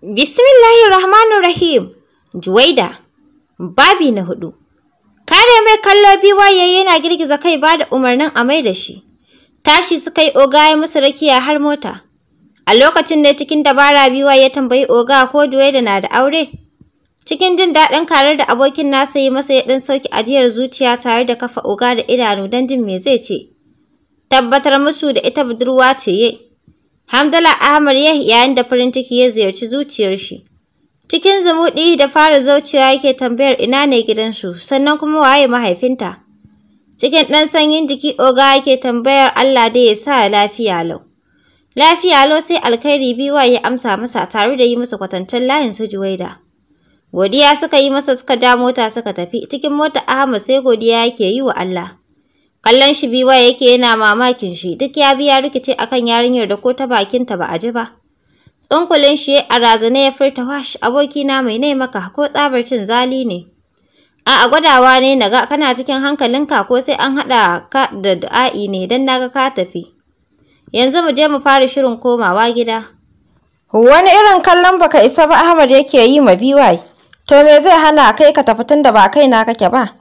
bismillahi rahmanu Rahim. Juwaida. Babi na hudu. Kare mai kallo biwaye yana girgiza kai ba da umarnin a mai da shi. Tashi suka yi oga ya musu rakiya har mota. A lokacin da cikin dabara biyu ya tambayi oga ko Juwaida na da aure. Cikin jin daɗin karar da abokin nasa yi masa ya ɗan sauki ajiyar zuciya tare da kafa oga da idanu don jin me zai ce. Tabbatar musu da ita budurwa ce yai. Hamdala Ahmad yayin da farin ciki ya ziyarci zuciyar shi. Cikin zumuɗi da fara zaucewa yake tambayar ina ne gidansu, sannan kuma waye mahaifinta. Cikin ɗan sanyin jiki oga yake tambayar Allah da ya sa lafiya lau. Lafiya lau sai alkhairi biwa ya amsa masa tare da yi masa kwatancen layin su juwaida. Godiya suka yi masa suka ja mota suka tafi, cikin mota Ahmad sai godiya yake yi wa Allah. Kallon shi biwa yake yana mamakin shi, duk ya biya rikici akan yarinyar da ko ta bakinta ba a ji ba. Tsunkulin shi a razana ya furta wash abokina mai ne maka ko tsabar cin zali ne. A'a gwadawa ne naga kana cikin hankalinka ko sai an hada ka da du'a'i ne dan naga ka tafi. Yanzu mu je mu fara shirin komawa gida. Wani irin kallon baka isa ba Ahmad yake yi ma biwa To me zai hana kai ka tafi tun da ba kai na kake ba?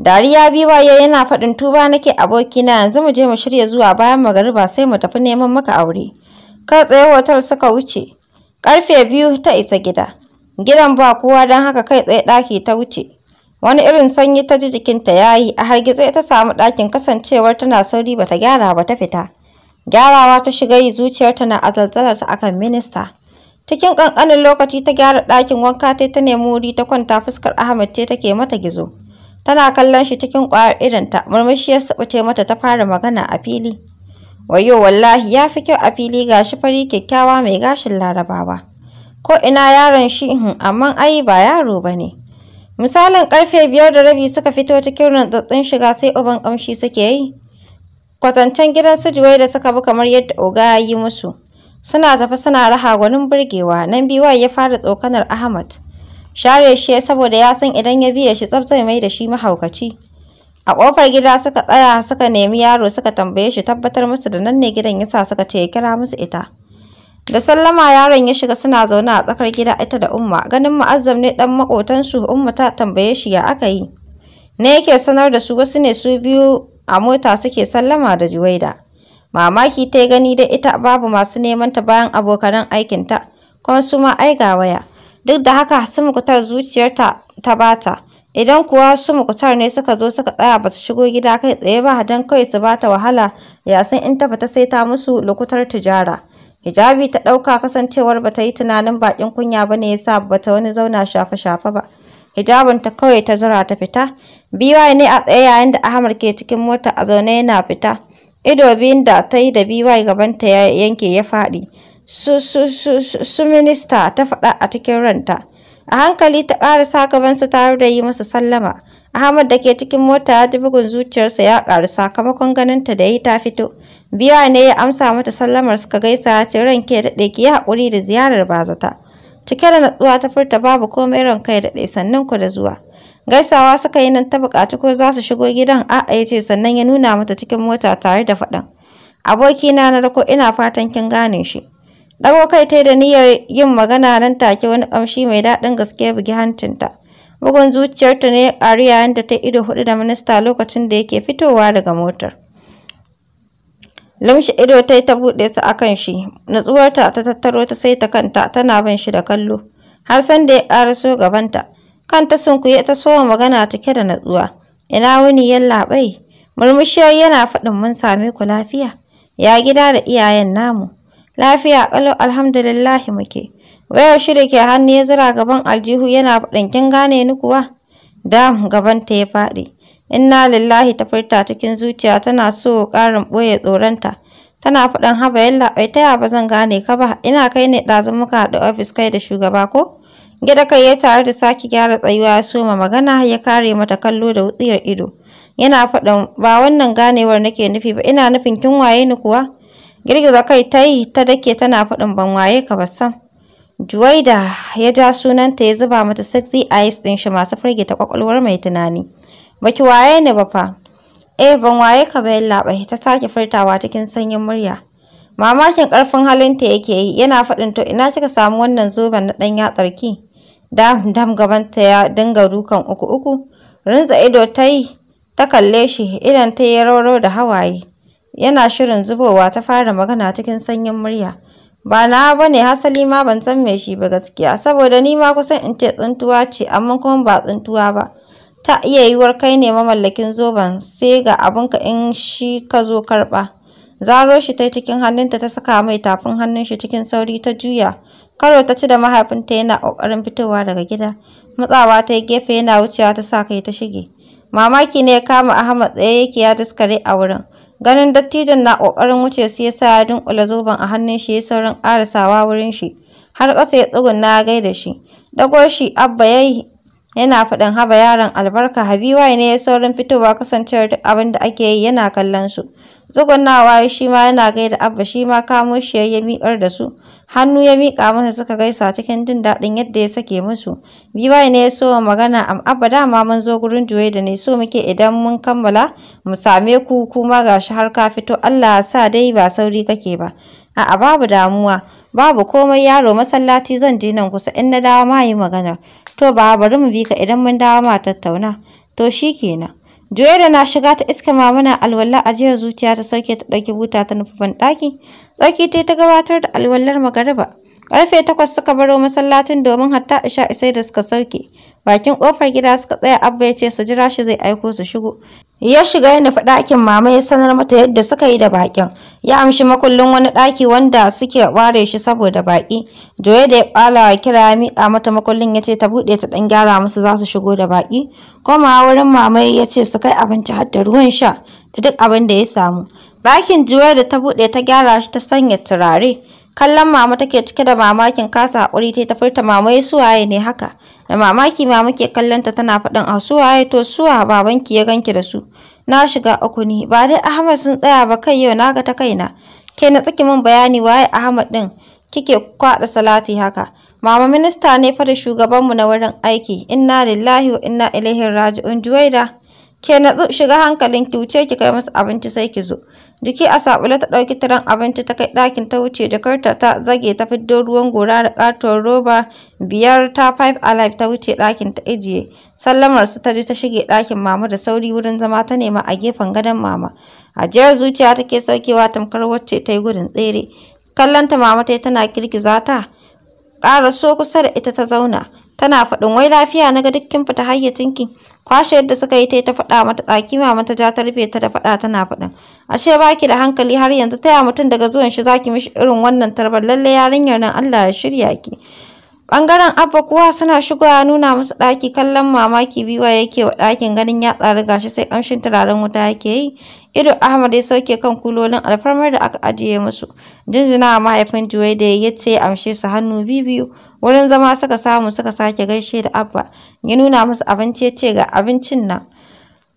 Dariya biwa ya yana faɗin tuba nake abokina yanzu mu je mu shirya zuwa bayan magariba sai mu tafi neman maka aure. Ka tsaye hotel suka wuce. Karfe biyu ta isa gida. Gidan ba kowa don haka kai tsaye ɗaki ta wuce. Wani irin sanyi ta ji jikinta ya yi a hargitse ta samu ɗakin kasancewar tana sauri bata gyara ba ta fita. Gyarawa ta shiga yi zuciyarta na ta akan minista. Cikin ƙanƙanin lokaci ta gyara ɗakin wanka ta ta nemi wuri ta kwanta fuskar Ahmad ce take mata gizo. Tana kallon shi cikin ƙwayar ta. murmushi ya suɓuce mata ta fara magana a fili. Wayo wallahi ya fi kyau a fili ga shi fari kyakkyawa mai gashin larabawa. Ko ina yaron shi hmm, amma ai ba yaro ba ne. Misalin ƙarfe biyar da rabi suka fito cikin rantsatsin shiga sai uban ƙamshi suke yi. Kwatancen gidan su juwai da suka bi kamar yadda oga ya yi musu. Suna tafi suna raha gwanin burgewa nan biwaye ya fara tsokanar Ahmad. share shi saboda ya san idan ya biya shi tsaf mai da shi mahaukaci a ƙofar gida suka tsaya suka nemi yaro suka tambaye shi tabbatar musu da nan ne gidan yasa suka ce ya kira musu ita da sallama yaron ya shiga suna zaune a tsakar gida ita da umma ganin mu'azzam ne dan makotansu umma ta tambaye shi ya aka yi ne yake sanar da su wasu ne su biyu a mota suke sallama da juwaida mamaki ta gani da ita babu masu neman ta bayan abokanan aikinta kuma su ma ai ga waya duk da haka su mukutar zuciyarta ta bata idan kuwa su mukutar ne suka zo suka tsaya ba su shigo gida kai tsaye ba don kawai su bata wahala ya san in ta fita sai ta musu lokutar tijara hijabi ta ɗauka kasancewar ba ta yi tunanin baƙin kunya ba ne ya sa ba ta wani zauna shafe-shafe ba hijabin ta kawai ta zura ta fita biwaye ne a tsaye yayin da ahmad ke cikin mota a zaune yana fita ido biyun da ta yi da biwaye gabanta ya yanke ya faɗi su su su su minista ta faɗa a cikin ranta a hankali ta ƙarasa gabansa tare da yi masa sallama Ahmad da ke cikin mota ya ji bugun zuciyarsa ya ƙaru sakamakon ganinta da yi ta fito. Biya ne ya amsa mata sallamar suka gaisa ya ce ranke ya daɗe ki yi haƙuri da ziyarar bazata. Cike da natsuwa ta furta babu komai rankai dade, daɗe sannan ku da zuwa. Gaisawa suka yi nan ta buƙaci ko za su shigo gidan a ya ce sannan ya nuna mata cikin mota tare da faɗan. Abokina na rako ina fatan kin gane shi. Ɗago kai tai da niyyar yin magana nan take wani kamshi mai daɗin gaske ya bugi hancinta. Bugun zuciyarta ne a yayin da ta ido hudu da minista lokacin da yake fitowa daga motar. Lamshi ido ta ta buɗe su a kan shi, natsuwarta ta tattaro ta sai ta kanta tana bin shi da kallo, har san da ya ƙaraso gabanta. Kanta sun kuye ta soma magana cike da natsuwa. Ina wuni yallaɓai? Murmushi yana faɗin mun same ku lafiya. Ya gida da iyayen namu. Lafiya ƙalau alhamdulillah muke. Wayar shi da ke hannu ya zira gaban aljihu yana faɗin kin gane ni kuwa? gaban ta ya faɗi. Inna lillahi ta furta cikin zuciya tana so ƙarin ɓoye tsoronta. Tana faɗin haba yalla ai ta ya ba zan gane ka ba ina kai ne ɗazun muka ofis kai da shugaba ko? Gida kai ya tare da sake gyara tsayuwa ya soma magana ya kare mata kallo da wutsiyar ido. Yana faɗin ba wannan ganewar nake nufi ba ina nufin kin waye ni kuwa? girgiza kai ta yi ta dake tana faɗin ban waye ka ba sam juwaida ya ja sunanta ya zuba mata sexy eyes ɗin shi masu ta kwakwalwar mai tunani baki waye ne ba fa eh ban waye ka yalla labai ta sake furtawa cikin sanyin murya mamakin ƙarfin halinta yake yi yana faɗin to ina kika samu wannan zoben na ɗan yatsarki dam dam gabanta ya dinga dukan uku uku rinza ido ta yi ta kalle shi idan ta yi roro da hawaye yana shirin zubowa ta fara magana cikin sanyin murya. Ba na ba ne hasali ma ban san me shi ba gaskiya, saboda ni ma kusan in ce tsintuwa ce, amma kuma ba tsuntuwa ba. Ta iya yiwuwar kai ne mamallakin zoben sai ga abinka in shi ka zo karɓa. Zaro shi ta cikin hannunta ta saka mai tafin hannun shi cikin sauri ta juya. Karo ta ci da mahaifinta yana ƙoƙarin fitowa daga gida. Matsawa ta yi gefe yana wucewa ta sa kai ta shige. Mamaki ne ya kama Ahmad tsaye yake ya daskare a wurin. Ganin dattijon na ƙoƙarin wuce su ya sa ya dunƙule zoben a hannun shi ya saurin ƙarasawa wurin shi. Har ƙasa ya tsuguna gai da shi. Dago shi Abba ya yi yana faɗin haba yaron albarka Habiba ne ya saurin fitowa kasancewar duk abin da ake yi yana kallon su. zugunawa ya shi ma yana gaida Abba shi ma kamo shi ya miƙar da su. Hannu ya miƙa masa suka gaisa cikin jin daɗin yadda ya sake musu. Biwaye ne ya so magana am Abba dama mun zo gurin da ne so muke idan mun kammala mu same ku kuma gashi har ka fito Allah sa dai ba sauri kake ba. A'a babu damuwa, babu komai yaro masallaci zan je nan kusa in na dawo ma yi magana. To ba bari mu bi ka idan mun dawo ma tattauna. To shi kenan. Joye da na shiga ta iska mamana alwala ajiyar zuciya ta sauke ta ɗauki buta ta nufi banɗaki. Tsarki ta ta gabatar da alwalar magariba. Ƙarfe takwas suka baro masallacin domin hatta isha isai da suka sauke. bakin kofar gida suka tsaya abba ya ce su jira shi zai aiko su shigo ya shiga yana nufi ɗakin mama ya sanar mata yadda suka yi da bakin ya amshi makullin wani ɗaki wanda suke ware shi saboda baki joye da ya ƙwala wa kira ya miƙa mata makullin ya ce ta buɗe ta ɗan gyara musu za su shigo da baki koma wurin mama ya ce su kai abinci har da ruwan sha da duk abin da ya samu ɗakin joye da ta buɗe ta gyara shi ta sanya turare kallon mama take cike da mamakin kasa haƙuri ta furta mama ya suwaye ne haka Da mamaki ma muke kallon ta tana faɗin a suwaye to suwa babanki ya ganki da su. Na shiga uku ne ba dai Ahmad sun tsaya ba kai yau naga ga ta kaina. Ke na tsaki min bayani waye Ahmad din kike kwaɗa salati haka. Mama minista ne fa da shugabanmu na wurin aiki. Inna lillahi wa inna ilaihi raji'un Juwaida. Ke na shiga hankalin ki wuce ki kai musu abinci sai ki zo. Jiki a saɓula ta ɗauki tiran abinci ta kai ɗakin ta wuce jakarta ta zage ta fiddo ruwan gora da ƙatuwar roba biyar ta five alive ta wuce ɗakin ta ijiye. Sallamar su ta ji ta shige ɗakin mama da sauri wurin zama ta nema a gefen gadon mama. Ajiyar zuciya take saukewa tamkar wacce ta yi gudun tsere. Kallon ta mama ta tana girgiza ta. Ƙara so kusa da ita ta zauna. tana faɗin wai lafiya na ga dukkin kin fita hayyacinki kwashe yadda suka yi ta ta faɗa mata tsaki mama ta ja ta rufe ta da faɗa tana faɗin ashe baki da hankali har yanzu taya mutum daga zuwan shi zaki mishi irin wannan tarbar lalle yarinyar nan Allah ya shirya ki bangaren abba kuwa suna shigowa nuna musu ɗaki kallon mamaki biwa yake wa ɗakin ganin ya tsari gashi sai ƙamshin turaren wuta yake yi ido ahmad ya sauke kan kulolin alfarmar da aka ajiye musu jinjina mahaifin juwai da ya ce amshe su hannu bibiyu Wurin zama suka samu suka sake gaishe da Abba. Ya nuna musu abinci ya ce ga abincin nan.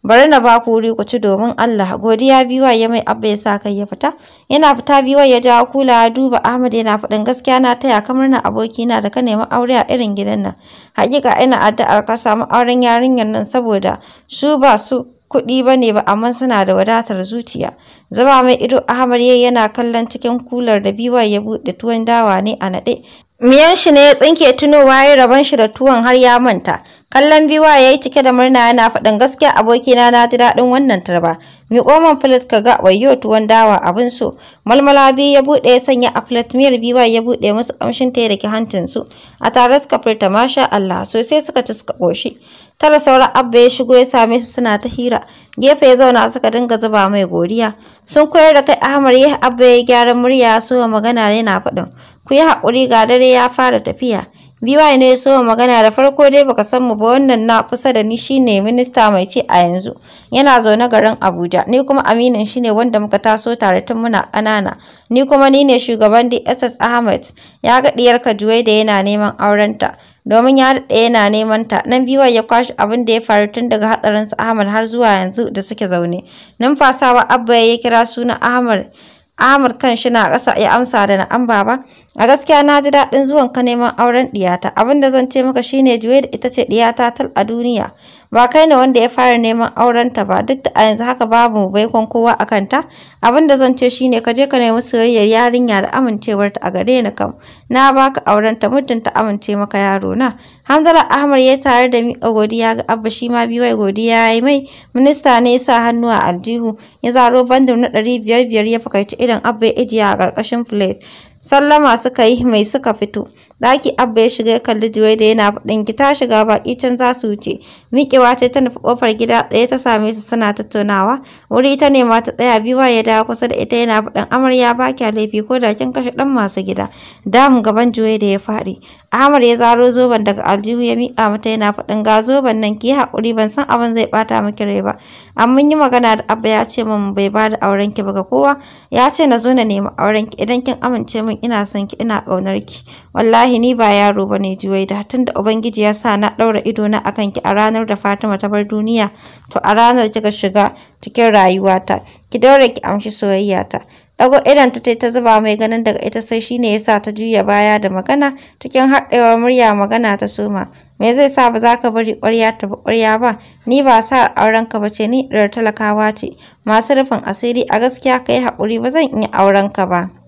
Bari na ba ku wuri ku ci domin Allah. Godiya biwa ya mai Abba ya sa kai ya fita. Yana fita biwa ya jawo kula duba Ahmad yana faɗin gaskiya na taya kamar na abokina da ka nemi aure a irin gidan nan. Hakika ina addu'ar ka samu auren yarinyar nan saboda su ba su kuɗi ba ne ba amma suna da wadatar zuciya. Zama mai ido Ahmad yayi yana kallon cikin kular da biwa ya buɗe tuwon dawa ne a naɗe Miyan shi ne ya tsinke tunowa ya rabon shi da tuwon har ya manta. Kallon biwa ya yi cike da murna yana faɗin gaskiya abokina na ji daɗin wannan tarba. Miƙo man filet ka ga wayo tuwon dawa abin so. Malmala biyu ya buɗe ya sanya a filet miyar biwa ya buɗe musu ƙamshin ta da ke hancin su. A tare suka furta masha Allah sosai suka ci suka ƙoshi. Tara sauran abba ya shigo ya same su suna ta hira. Gefe ya zauna suka dinga zuba mai godiya. Sun koyar da kai Ahmad ya abba ya gyaran murya so magana yana faɗin. ku yi haƙuri ga dare ya fara tafiya biwaye ne so magana da farko dai baka san mu ba wannan na kusa da ni shine minista mai ci a yanzu yana zaune garin Abuja ni kuma aminin shine wanda muka taso tare tun muna ƙanana ni kuma ni ne shugaban DSS Ahmed ya ga diyar juwai da yana neman aurenta domin ya daɗe yana neman ta nan biwa ya kwashi abin da ya faru tun daga hatsarin su Ahmad har zuwa yanzu da suke zaune numfasawa Abba ya kira sunan ahmed Ahmed kan shi na ƙasa ya amsa da na an baba A gaskiya na ji daɗin zuwan ka neman auren ɗiyata. Abin da zan ce maka shine juye da ita ce ɗiyata tal a duniya. Ba kai ne wanda ya fara neman aurenta ba duk da a yanzu haka babu baikon kowa a kanta. Abin da zan ce shine ka je ka nemi soyayyar yarinya da amincewarta a gare ni kam. Na baka aurenta muddin ta amince maka yaro na. Hamzala Ahmad ya tare da miƙa godiya ga Abba shi ma biyu godiya ya yi mai. Minista ne ya sa hannu a aljihu ya zaro bandir na ɗari biyar biyar ya fakaici idan Abba ya ijiya a ƙarƙashin filet. sallama suka yi mai suka fito Ɗaki Abba ya shiga ya kalli Juwaida yana faɗin ki ta shiga baki can za su wuce. Miƙewa ta ta nufi ƙofar gida tsaye ta same su suna tattaunawa. Wuri ta nema ta tsaya biwa ya dawo kusa da ita yana faɗin amarya ba kya laifi ko da kin kashe ɗan masu gida. Damun gaban Juwaida ya faɗi. Ahmad ya zaro zoben daga aljihu ya miƙa mata yana faɗin ga zoban nan ki yi haƙuri ban san abin zai ɓata miki rai ba. An mun yi magana da Abba ya ce min bai ba da auren ki ba ga kowa. Ya ce na zo na nema auren ki idan kin amince min ina son ki ina kaunar ki. Wallahi wallahi ni ba yaro bane Juwaida tunda ubangiji ya sa na daura ido na akan ki a ranar da Fatima ta bar duniya to a ranar kika shiga cikin rayuwata ki daure ki amshi soyayya ta dago idan ta ta zuba mai ganin daga ita sai shine yasa ta juya baya da magana cikin haɗewar murya magana ta soma me zai sa ba za ka bari ƙwarya ta ba ƙwarya ba ni ba sa auren ka bace ni da talakawa ce masu rufin asiri a gaskiya kai haƙuri ba zan iya auren ka ba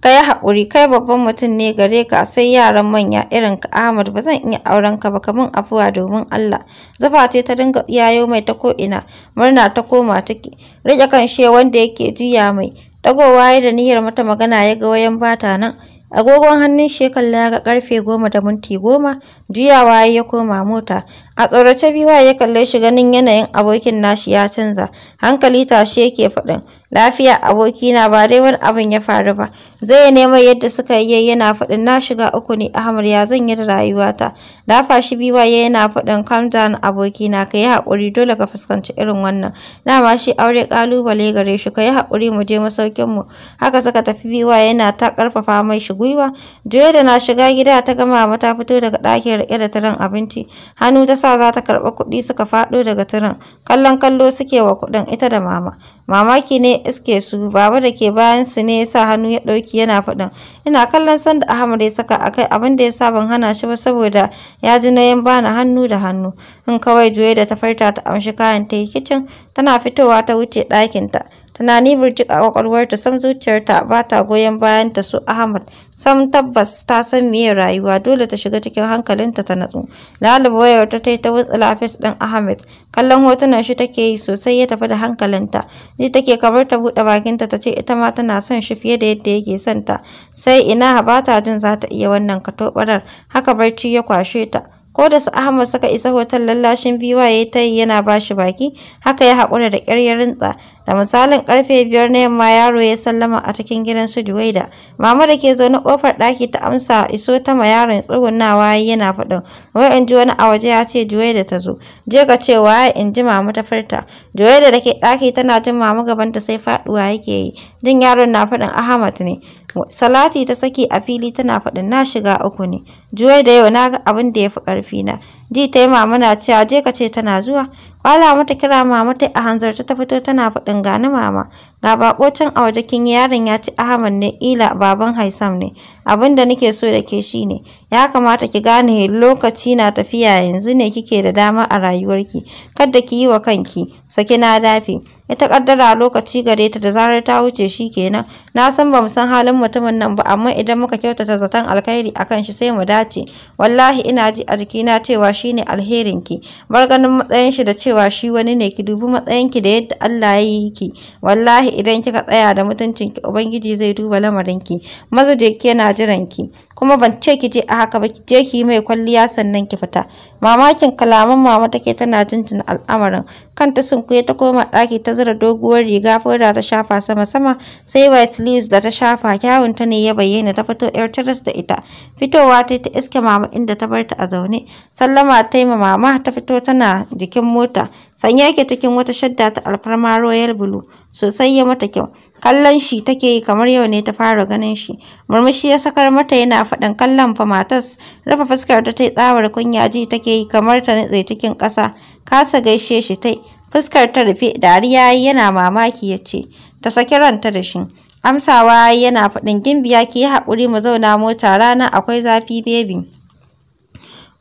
ka yi haƙuri kai babban mutum ne gare ka sai yaran manya irin ka Ahmad ba zan iya auren ka ba ka min afuwa domin Allah zufa ce ta dinga iyayo mai ta ko'ina murna ta koma take rike kan she wanda yake juya mai dagowa ya da niyyar mata magana ya ga wayan bata nan agogon hannun shi kalla ga karfe goma da minti goma juyawa ya koma mota a tsorace biwa ya kalle shi ganin yanayin abokin nashi ya canza hankali tashe yake faɗin lafiya abokina ba dai wani abin ya faru ba zai nemo yadda suka yi yana faɗin na shiga uku ne ahmad ya zan yi da rayuwata dafa shi biwa ya yana faɗin calm down abokina ka yi haƙuri dole ka fuskanci irin wannan dama shi aure ƙalubale gare shi ka yi haƙuri mu je masaukin mu haka suka tafi biwa yana ta ƙarfafa mai shi gwiwa joye da na shiga gida ta gama mata fito daga ɗakin riƙe da tiran abinci hannu ta sa za ta karɓi kuɗi suka faɗo daga tiran kallon kallo suke wa kuɗin ita da mama mamaki ne iske su baba da ke bayan su ne yasa hannu ya ɗauki yana faɗin ina kallon sanda ahmad ya saka akai abin da yasa ban hana shi ba saboda ya ji nayin bani hannu da hannu in kawai juye da ta farta ta amshi kayan ta yi kicin tana fitowa ta wuce ɗakinta tunani burjik a ƙwaƙwalwarta, sam zuciyarta ba ta goyon bayan ta su Ahmad sam tabbas ta san meye rayuwa dole ta shiga cikin hankalinta ta natsu lalaba wayar ta ta ta wutsa lafiyar din Ahmad. kallon hotunan shi take yi sosai ya tafi da hankalinta ji take kamar ta buɗe bakinta ta ce ita ma tana son shi fiye da yadda yake son ta sai ina ba ta jin za ta iya wannan katobarar haka barci ya kwashe ta ko da su Ahmad suka isa hotel lallashin biyu ya ta yi yana bashi baki haka ya haƙura da ƙyar ya Da misalin karfe biyar na yamma yaro ya sallama a cikin gidan su Juwaida. Mama da ke zaune kofar ɗaki ta amsa iso ta ma yaron tsugunawa yana faɗin. Wai in ji wani a waje ya ce Juwaida ta zo. Je ka ce waye in ji mama ta furta. Juwaida da ke ɗaki tana jin mama gabanta sai faɗuwa yake yi. Jin yaron na faɗin Ahmad ne. Salati ta saki a fili tana faɗin na shiga uku ne. Juwaida yau na ga abin da ya fi na ji ta yi na cewa je ka ce tana zuwa kwala mata kira mama ta a hanzarta ta fito tana faɗin gani mama Ga bakocin a waje kin yaron ya ci Ahmad ne ila baban Haisam ne. Abin da nake so da ke shi ne, ya kamata ki gane lokaci na tafiya yanzu ne kike da dama a rayuwarki. Kada ki yi wa kanki, saki na dafi. Ita kaddara lokaci gare ta da zarar ta wuce shi kenan. Na san ba san halin mutumin nan ba amma idan muka kyautata zaton alkhairi akan shi sai mu dace. Wallahi ina ji a jikina cewa shine alherinki. Bar ganin matsayin shi da cewa shi wani ne ki dubi matsayinki da yadda Allah ya yi ki. Wallahi idan kika tsaya da mutuncinki ubangiji zai duba lamarinki maza je ki yana jiranki kuma ban ce ki je a haka ba ki je ki mai kwalliya sannan ki fita mamakin kalaman mama take tana jinjin al'amarin kanta sunkuye ta koma ɗaki ta zura doguwar riga foda ta shafa sama-sama sai white leaves da ta shafa kyawun ta ne ya bayyana ta fito yar taras da ita fitowa ta ta iske mama inda ta bar ta a zaune sallama ta yi mama ta fito tana jikin mota sanye yake cikin wata shadda ta alfarma royal blue sosai ya mata kyau kallon shi take yi kamar yau ne ta fara ganin shi murmushi ya sakar mata yana faɗin kallon fa matas rufe fuskar ta ta yi tsawar kunya ji take yi kamar ta nutse cikin ƙasa kasa gaishe shi tai fuskar ta rufe dariya yana mamaki ya ce ta saki ranta da shi amsawa yana faɗin gimbiya ki haƙuri mu zauna mota rana akwai zafi baby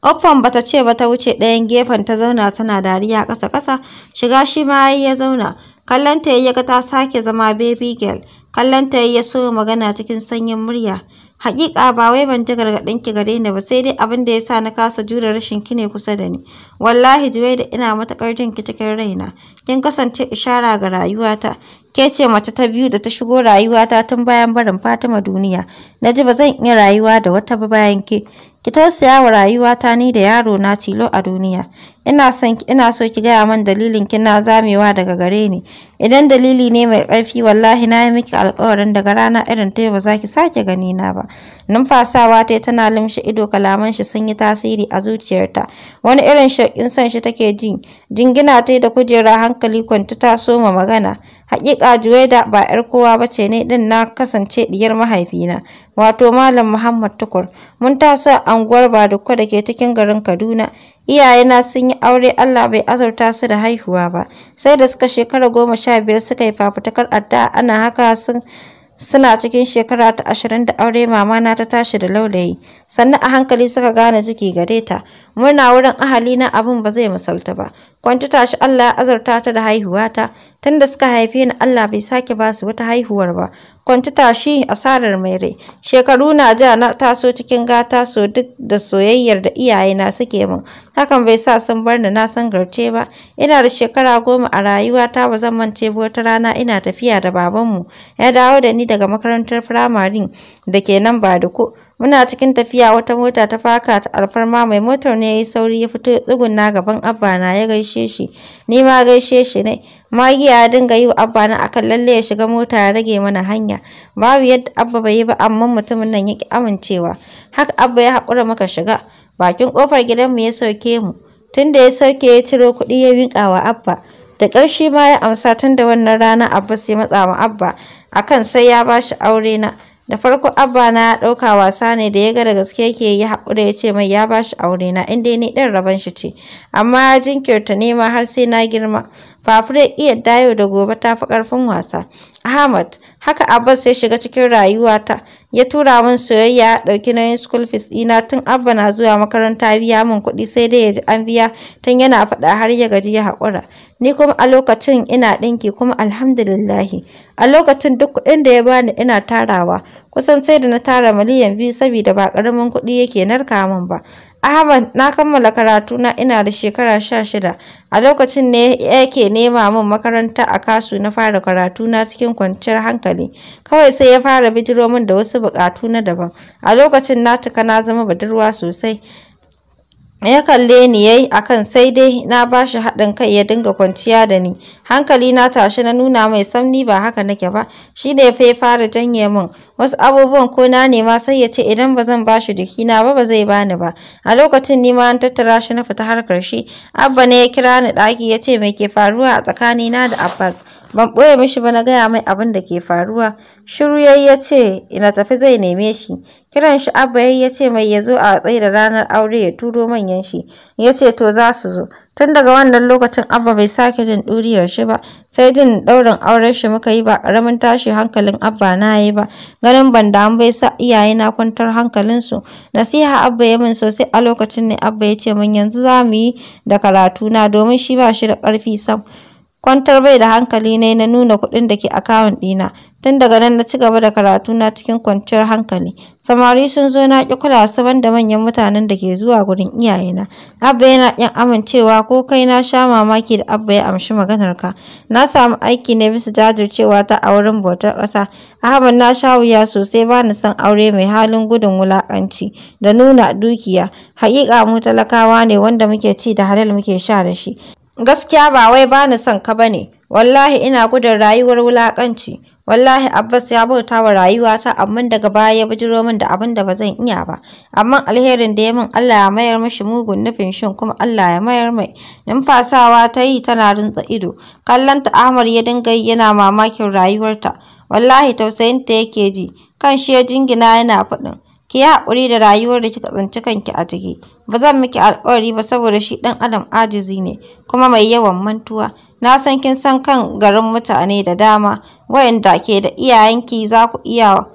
ofan bata ce ba ta wuce ɗayan gefen ta zauna tana dariya ƙasa-ƙasa shiga shi ma ya zauna kallon ta ga ta sake zama baby girl kallon ta ya so magana cikin sanyin murya Haƙiƙa ba wai ban ji gargaɗin ki gare ni ba sai dai abin da ya sa na kasa jure rashin ki ne kusa da ni. Wallahi da ina matuƙar jin ki cikin raina. Kin kasance ishara ga rayuwata. Ke ce mace ta biyu da ta shigo rayuwata tun bayan barin Fatima duniya. Na ji ba zan iya rayuwa da wata ba bayan ki. Ki tausaya wa rayuwata ni da yaro na tilo a duniya. ina son ina so ki gaya min dalilin kina zamewa daga gare ni idan dalili ne mai ƙarfi wallahi na yi miki alƙawarin daga rana irin ta ba za ki sake gani na ba numfasawa ta tana limshi ido kalaman shi sun yi tasiri a zuciyarta wani irin shauƙin son shi take jin jingina ta da kujera hankali kwanta ta soma magana Haƙiƙa Juwaida ba 'yar kowa ba ce ne ɗin na kasance ɗiyar mahaifina, wato Malam Muhammad Tukur. Mun taso a unguwar ba da ke cikin garin Kaduna, Iyayena sun yi aure Allah bai azurta su da haihuwa ba, sai da suka shekara goma sha biyar suka yi fafutukar addu'a ana haka sun suna cikin shekara ta ashirin da aure mamana ta tashi da laulayi sannan a hankali suka gane jiki gare ta murna wurin ahali na abin ba zai misalta ba kwanci tashi Allah ya azarta ta da haihuwata tunda suka haife ni Allah bai sake ba su wata haihuwar ba kwanci tashi asarar mai rai shekaru na ja na taso cikin gata so duk da soyayyar da iyaye na suke min hakan bai sa sun bar ni na san garce ba ina da shekara goma a rayuwata ba zan mance ba wata rana ina tafiya da babanmu ya dawo da ni daga makarantar firamare da ke nan ba da ko Muna cikin tafiya wata mota ta faka ta alfarma mai motar ne ya yi sauri ya fito ya tsuguna gaban na ya gaishe shi. Ni ma gaishe shi ne. Magiya ya dinga yi wa na akan lalle ya shiga mota ya rage mana hanya. Babu yadda abba bai yi ba amma mutumin nan ya ki amincewa. Haka abba ya haƙura muka shiga. Bakin ƙofar gidanmu ya sauke mu. Tunda ya sauke ya ciro kuɗi ya miƙa wa abba. Da ƙarshe ma ya amsa tun da wannan rana abba sai matsa wa abba. Akan sai ya bashi aure na. Da farko abba na ɗauka wasa ne da ya ga da gaske yake yi haƙura ya ce mai ya bashi aure na inda dai ni ɗin raban shi ce. Amma ya jinkirta nema har sai na girma. Fafure iya dayo da gobe ta fi ƙarfin wasa. Ahmad, haka Abbas sai shiga cikin rayuwata. ya tura min soyayya ɗauki nauyin school fees ɗina tun abba na zuwa makaranta biya min kuɗi sai dai ya ji an biya tun yana faɗa har ya gaji ya haƙura ni kuma a lokacin ina ɗinki kuma alhamdulillahi a lokacin duk kuɗin da ya bani ina tarawa kusan sai da na tara miliyan biyu saboda ba ƙaramin kuɗi yake narka min ba Ahmad na kammala karatuna ina da shekara sha shida. A lokacin ne yake nema min makaranta a KASU na fara karatuna cikin kwanciyar hankali. Kawai sai ya fara bijiro min da wasu bukatu na daban. A lokacin na cika na zama budurwa sosai. ya kalle ni yayi akan sai dai na bashi haɗin kai ya dinga kwanciya da ni hankali na tashi na nuna mai samni ba haka nake ba shi ne ya fara janye min wasu abubuwan ko na nema sai ya ce idan ba zan bashi na ba ba zai bani ba a lokacin ni ma an tattara shi na fita har shi abba ne ya kira ni ɗaki ya ce mai ke faruwa a tsakani na da abbas ban boye mishi ba na gaya mai abin da ke faruwa shiru yi ya ce ina tafi zai neme shi kiran shi abba yayi ya ce mai ya zo a tsaye da ranar aure ya turo manyan shi ya ce to za su zo Tun daga wannan lokacin Abba bai sake jin ɗuriyar shi ba, sai jin ɗaurin auren shi muka yi ba ƙaramin tashi hankalin Abba na yi ba. Ganin ban damu bai sa iyaye na kwantar hankalinsu. Nasiha Abba ya min sosai a lokacin ne Abba ya ce min yanzu za mu yi da karatu na domin shi ba shi da ƙarfi sam. Kwantar bai da hankali ne na nuna kuɗin da ke akawun ɗina. Tun daga nan na ci gaba da karatu na cikin kwanciyar hankali. Samari sun zo na ƙi kula su da manyan mutanen da ke zuwa gurin iyayena. Abba yana ƙin amincewa ko kai na sha mamaki da Abba ya amshi maganar ka Na samu aiki ne bisa jajircewa ta a wurin bautar ƙasa. Ahmad na sha wuya sosai ba ni son aure mai halin gudun wulaƙanci da nuna dukiya. Haƙiƙa mu talakawa ne wanda muke ci da halal muke sha da shi. Gaskiya ba wai ba ni son ka ba ne, wallahi ina gudun rayuwar wulakanci. Wallahi Abbas ya bauta wa rayuwata amma daga baya ya bijiro min da abin da ba zan iya ba. Amma alherin da ya min Allah ya mayar mashi mugun nufin shin kuma Allah ya mayar mai. Numfasawa ta yi tana rintsa ido. Kallonta Ahmad ya dinga yi yana mamakin rayuwarta. Wallahi tausayinta yake ji. Kan shi ya jingina yana faɗin. Ki yi haƙuri da rayuwar da kika tsinci kanki a ciki. ba zan miki alƙawari ba saboda shi ɗan adam ajizi ne kuma mai yawan mantuwa na san kin san kan garin mutane da dama wayanda ke da iyayenki za ku iya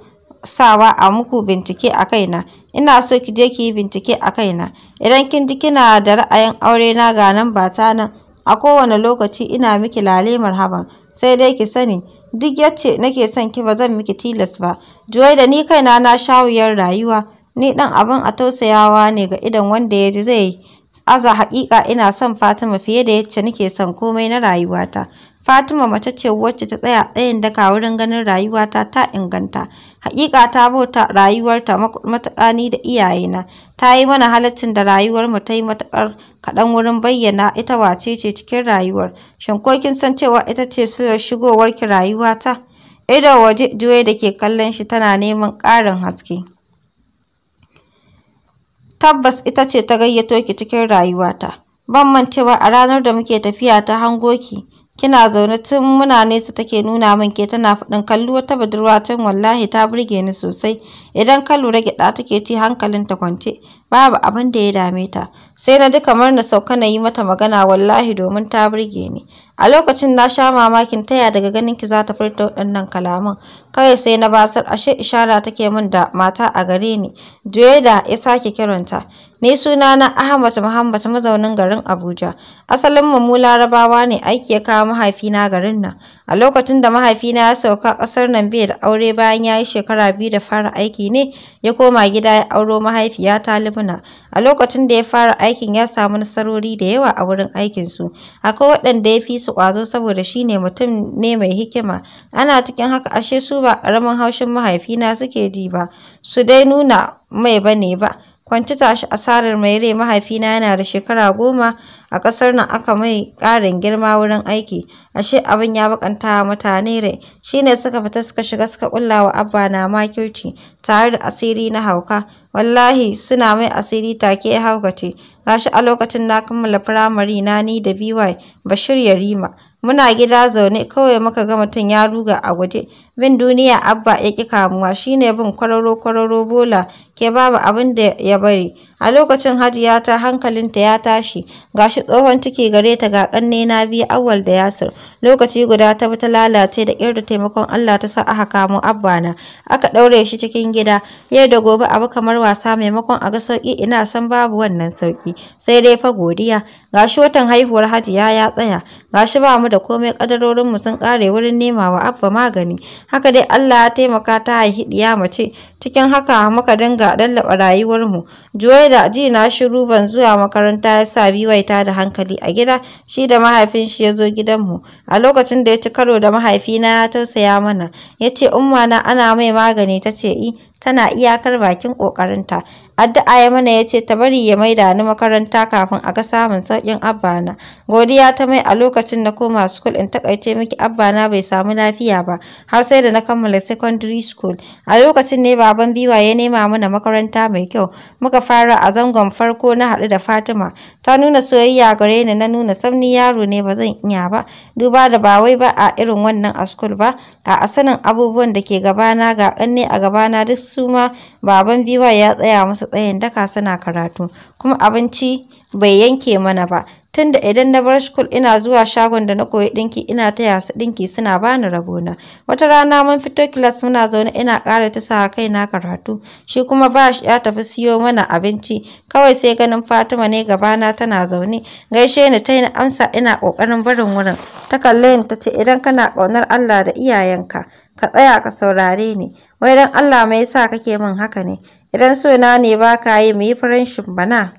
sawa a muku bincike a kaina ina so ki je ki yi bincike a kaina idan kin ji kina da ra'ayin aure na ga nan ba ta nan a kowane lokaci ina miki lale marhaban sai dai ki sani duk yacce nake son ki ba zan miki tilas ba juwai da ni kaina na sha wuyar rayuwa Ni ɗan abin a tausayawa ne ga idon wanda ya ji zai aza haƙiƙa ina son Fatima fiye da yacce nake son komai na rayuwata. Fatima mace ce wacce ta tsaya tsayin daka wurin ganin rayuwata ta inganta. Haƙiƙa ta bauta rayuwarta matuƙa ni da iyayena. Ta yi mana halaccin da rayuwarmu ta yi matuƙar kaɗan wurin bayyana ita wace ce cikin rayuwar. Shin ko kin san cewa ita ce shigowar shigowarki rayuwata? Ido waje juye da ke kallon shi tana neman ƙarin haske. Tabbas ita ce ta gayyato ki cikin rayuwata. Ban mancewa a ranar da muke tafiya ta hangoki kina zaune tun muna nesa take nuna min ke tana faɗin kallo wata budurwa tun wallahi ta burge ni sosai. Idan ka lura gyaɗa take ci hankalin ta kwance, babu abin da ya dame ta sai na ji kamar na sauka na yi mata magana wallahi domin ta burge ni a lokacin na sha mamakin taya daga ganin ki za ta furta waɗannan kalaman kawai sai na basar ashe ishara take min da mata a gare ni da ya sake kiranta ni suna na Ahmad Muhammad mazaunin garin Abuja asalin mu mu Larabawa ne aiki ya kawo mahaifina garin nan A lokacin da mahaifina ya sauka ƙasar nan bai da aure bayan ya yi shekara biyu da fara aiki ne, ya koma gida ya auro mahaifiyata Libna. A lokacin da ya fara aikin ya samu nasarori da yawa a wurin aikinsu. Akwai waɗanda ya fi su ƙwazo saboda shi ne mutum ne mai hikima. Ana cikin haka ashe su ba ƙaramin haushin mahaifina suke ji ba, su dai nuna mai ba ne ba. kwanci tashi asarar mai rai mahaifina yana da shekara goma a ƙasar nan aka mai ƙarin girma wurin aiki ashe abin ya bakanta mutane rai shine suka fita suka shiga suka ƙulla wa abba na makirci tare da asiri na hauka wallahi suna mai asiri take ya haukace gashi a lokacin na kammala firamare na ni da by bashir yarima muna gida zaune kawai muka ga mutum ya ruga a guje Bin duniya Abba ya ƙi kamuwa shine bin kwararo-kwararo bola ke babu abin da ya bari. A lokacin Hajiya ta hankalinta ya tashi, ga shi tsohon ciki gare ta ga na biyu Awwal da Yasir. Lokaci guda ta bi ta lalace da ƙyar da taimakon Allah ta sa aka kamo Abba na. Aka ɗaure shi cikin gida, yau da gobe abu kamar wasa maimakon a ga sauƙi ina san babu wannan sauƙi. Sai dai fa godiya, ga shi watan haihuwar Hajiya ya tsaya, ga shi ba mu da komai ƙadarorinmu sun ƙare wurin nema wa Abba magani. haka dai Allah ya taimaka ta haihi mace cikin haka muka dinga rayuwar rayuwarmu da ji na shiru ban zuwa makaranta ya sa biwaita da hankali a gida shi da mahaifin shi ya zo gidanmu a lokacin da ya ci karo da mahaifina ya tausaya mana ya ce umma na ana mai magani ta ce i tana iyakar bakin ƙoƙarinta. Addu'a ya mana ya ce ta bari ya maida ni makaranta kafin a ga samun sauƙin abbana. Godiya ta mai a lokacin na koma school in takaice miki abbana bai samu lafiya ba har sai da na kammala secondary school. A lokacin ne baban biwa ya nema mana makaranta mai kyau. Muka fara a zangon farko na haɗu da Fatima. Ta nuna soyayya gare ni na nuna samni yaro ne ba zan iya ba. Duba da ba wai ba a irin wannan a school ba a asanin abubuwan da ke gabana ga ƙanne a gabana duk su ma baban biwa ya tsaya masa tsayin daka suna karatu kuma abinci bai yanke mana ba tunda idan na bar school ina zuwa shagon da na koyi dinki ina taya su dinki suna bani rabona wata rana mun fito class muna zaune ina ƙara ta sa kai na karatu shi kuma shi ya tafi siyo mana abinci kawai sai ganin Fatima ne gabana tana zaune gaishe ni ta na amsa ina ƙoƙarin barin wurin ta kalle ni ta ce idan kana ƙaunar Allah da iyayenka ka tsaya ka saurare ni wai dan Allah me yasa kake min haka ne idan so na ne ba ka yi mu yi friendship bana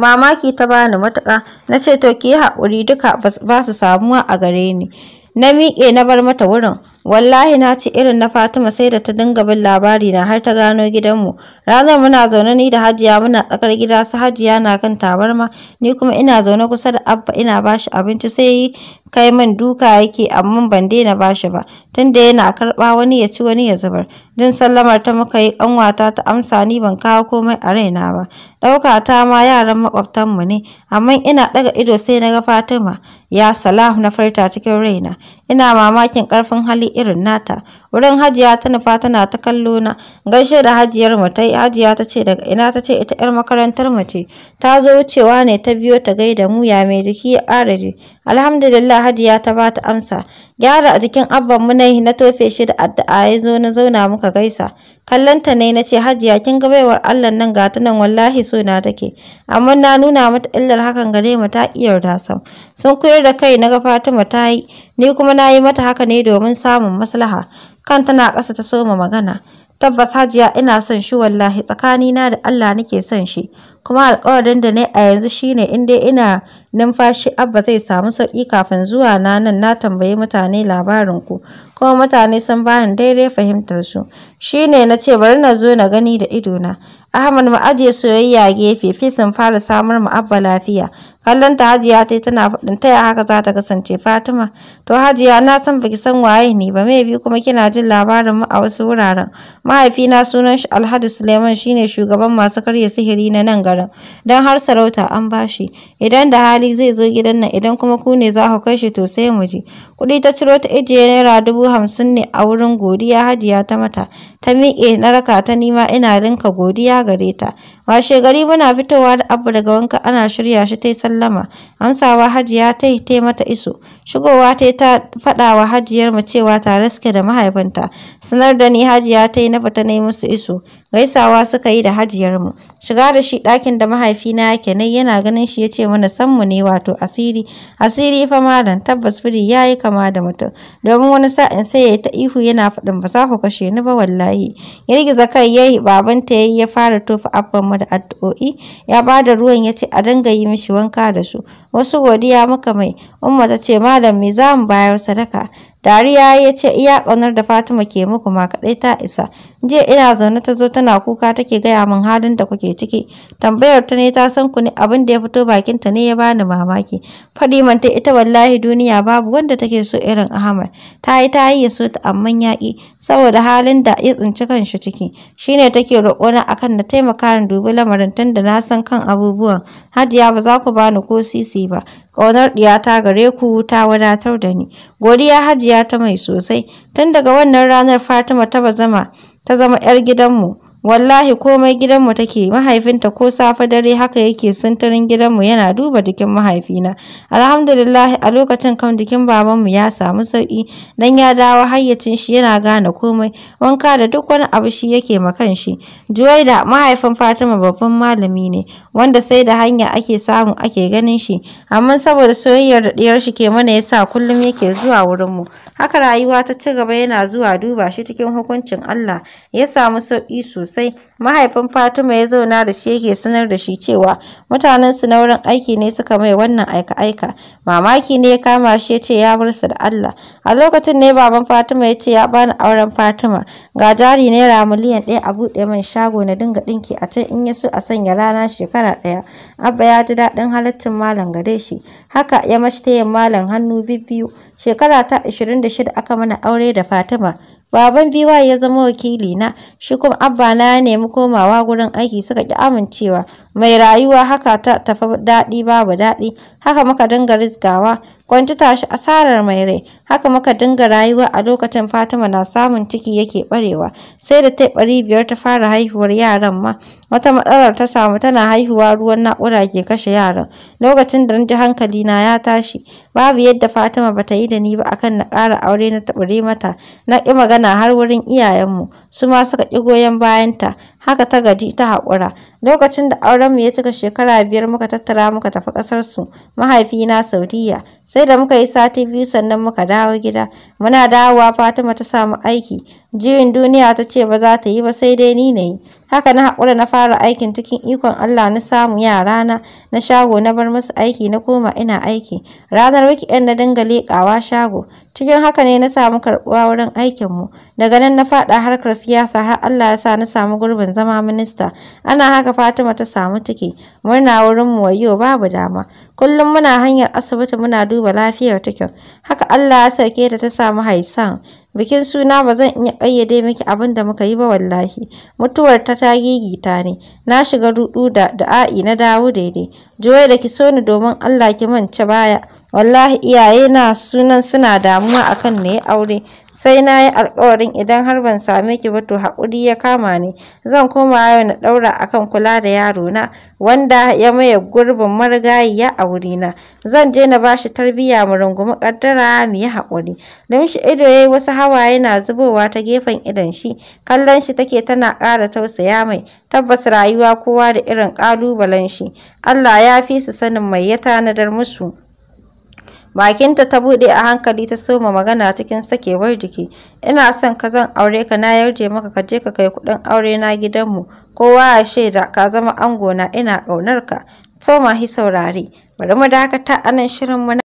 mamaki ta bani matuƙa na ce to ki yi haƙuri duka ba su samuwa a gare ni na miƙe na bar mata wurin Wallahi na ci irin na Fatima sai da ta dinga bin labari na har ta gano gidanmu. Ranar muna zaune ni da Hajiya muna tsakar gida su Hajiya na kan tabarma ni kuma ina zaune kusa da Abba ina bashi abinci sai kai min duka yake amma ban daina bashi ba tunda yana karba wani ya ci wani ya zubar. Din sallamar ta muka yi ƙanwata ta amsa ni ban kawo komai a raina ba. Ɗauka ta ma yaran maƙwabtanmu ne amma ina ɗaga ido sai na ga Fatima. Ya salam na farta cikin raina. Ina mamakin ƙarfin hali irin nata wurin hajiya ta nufa tana ta kallo na gaishe da hajiyar mu tai hajiya ta ce daga ina ta ce ita yar makarantar mu ce ta zo wucewa ne ta biyo ta gaida mu ya mai jiki ya ƙaraje alhamdulillah hajiya ta ba ta amsa gyara a jikin abban mu na tofe shi da addu'a ya zo na zauna muka gaisa ta ne na ce hajiya kin ga baiwar allah nan ga ta wallahi so na take amma na nuna mata illar hakan gare mu ta iya da sam sun koyar da kai na ga fatima ta yi ni kuma na yi mata haka ne domin samun maslaha kan tana kasa ta soma magana tabbas hajiya ina son shi wallahi tsakanina da allah nake son shi kuma alƙawarin da na a yanzu shine in dai ina numfashi Abba zai samu sauki kafin zuwa na nan na tambayi mutane labarin ku kuma mutane sun bani daidai fahimtar su shine na ce bari na zo na gani da ido na Ahmad mu ajiye soyayya gefe fi sun fara samar mu Abba lafiya kallon ta Hajiya ta tana faɗin taya haka za ta kasance Fatima to Hajiya na san baki san waye ne ba mai bi kuma kina jin labarin mu a wasu wuraren mahaifina sunan shi Alhaji Suleiman shine shugaban masu karya sihiri na nan gaba garin don har sarauta an bashi idan da hali zai zo gidan nan idan kuma ku ne za ku kai shi to sai mu je kuɗi ta ciro ta ijiye naira dubu hamsin ne a wurin godiya hajiya ta mata ta miƙe na raka ta nima ina rinka godiya gare ta Washe gari muna fitowa da abu daga wanka ana shirya shi ta yi sallama. Amsawa hajiya ta yi ta mata iso. Shigowa ta yi ta faɗa wa hajiyarmu cewa ta suke da mahaifinta. Sanar da ni hajiya ta yi na fita na yi musu iso. Gaisawa suka yi da hajiyar mu Shiga da shi ɗakin da mahaifina yake nai yana ganin shi ya ce mana 'San mu ne wato asiri. Asiri fa malam tabbas biri ya yi kama da mutum. Domin wani sa'in sai ya yi ta ihu yana faɗin ba za ku kashe ni ba wallahi. Girgiza kai ya yi babanta ya yi ya fara tofa abban da addu'o'i ya ba da ruwan ya ce a dinga yi mishi wanka da su wasu godiya muka mai umma ta ce malam me za mu bayar sadaka Dariya ya ce iya ƙaunar da Fatima ke muku ma kaɗai ta isa. Jiya ina zaune ta zo tana kuka take gaya min halin da kuke ciki. Tambayar ta ne ta san ku ne abin da ya fito bakin ta ne ya bani mamaki. Faɗi man ta ita wallahi duniya babu wanda take so irin Ahmad. Ta yi ta yi ya so ta amma ya ƙi saboda halin da ya tsinci kanshi ciki. Shi ne take roƙona akan na taimaka na dubi lamarin tun da na san kan abubuwan. Hajiya ba za ku bani ko sisi ba. ƙaunar ɗiyata gare ku ta wadatar da ni godiya hajiya ta mai sosai tun daga wannan ranar fatima ta zama ta zama 'yar gidanmu Wallahi komai gidanmu take mahaifinta ko safe dare haka yake sintirin gidanmu yana duba jikin mahaifina. Alhamdulillah a lokacin kan jikin babanmu ya samu sauki dan ya dawo hayyacin shi yana gane komai wanka da duk wani abu shi yake makan shi. Juwaida mahaifin Fatima babban malami ne wanda sai da hanya ake samu ake ganin shi amma saboda soyayyar da diyar shi ke mana yasa kullum yake zuwa wurinmu. Haka rayuwa ta ci gaba yana zuwa duba shi cikin hukuncin Allah ya samu sauki sosai. sosai mahaifin fatima ya zauna da shi yake sanar da shi cewa mutanen su na wurin aiki ne suka mai wannan aika aika mamaki ne ya kama shi ya ce ya bar su da allah a lokacin ne baban fatima ya ce ya bani auren fatima ga jari naira miliyan ɗaya a buɗe man shago na dinga ɗinki a can in ya so a sanya rana shekara ɗaya abba ya ji daɗin halittin malam gare shi haka ya mashi tayin malam hannu bibbiyu shekara ta shida aka mana aure da fatima Baban biwa ya zama wakilina, shi kuma Abba na ya nemi komawa gurin aiki suka ki amincewa. mai rayuwa haka ta tafi daɗi babu daɗi haka muka dinga rizgawa kwanci tashi asarar mai rai haka muka dinga rayuwa a lokacin fatima na samun ciki yake barewa sai da ta ɓari biyar ta fara haihuwar yaran ma wata matsalar ta samu tana haihuwa ruwan naƙuda ke kashe yaran lokacin da ji hankali na ya tashi babu yadda fatima bata yi da ni ba akan na ƙara aure na taɓare mata na ƙi magana har wurin iyayenmu su ma suka ƙi goyon bayanta haka ta gaji ta haƙura lokacin da auren mu ya cika shekara biyar muka tattara muka tafi ƙasar su mahaifina Saudiya sai da muka yi sati biyu sannan muka dawo gida muna dawowa Fatima ta samu aiki Juyin duniya ta ce ba za ta yi ba sai dai ni na yi. Haka na haƙura na fara aikin cikin ikon Allah na samu yarana na shago na bar musu aiki na koma ina aiki. Ranar wiki'en na dinga leƙawa shago. Cikin haka ne na samu karɓuwa wurin aikin mu Daga nan na faɗa harkar siyasa har Allah ya sa na samu gurbin zama minista. Ana haka Fatima ta samu ciki. Murna wurin wurinmu wayo babu dama. Kullum muna hanyar asibiti muna duba lafiyar cikin. Haka Allah ya sauke ta ta samu haisan. bikin suna ba zan iya ƙayyade miki abin da muka yi ba wallahi mutuwar ta ta gigita ne na shiga ruɗu da da'a'i na dawo daidai joye da ki so ni domin Allah ki mance baya wallahi iyaye na sunan suna damuwa akan na yi aure sai na yi alkawarin idan har ban same ki ba to haƙuri ya kama ni zan koma yau na ɗaura akan kula da yaro na wanda ya maye gurbin marigayiya a wurina zan je na bashi tarbiyya mu rungumi ƙaddara mu yi haƙuri shi ido yayi wasu hawaye na zubowa ta gefen idon shi kallon shi take tana ƙara tausaya mai tabbas rayuwa kowa da irin ƙalubalen shi Allah ya fi su sanin mai ya tanadar musu Bakinta ta bude a hankali ta soma magana cikin sakewar jiki. Ina son ka zan aure ka na yarje maka ka je ka kai kudin aure na gidanmu. Kowa ya shaida ka zama angona ina ƙaunar ka. Toma hi saurare. Bari mu dakata anan shirin mu na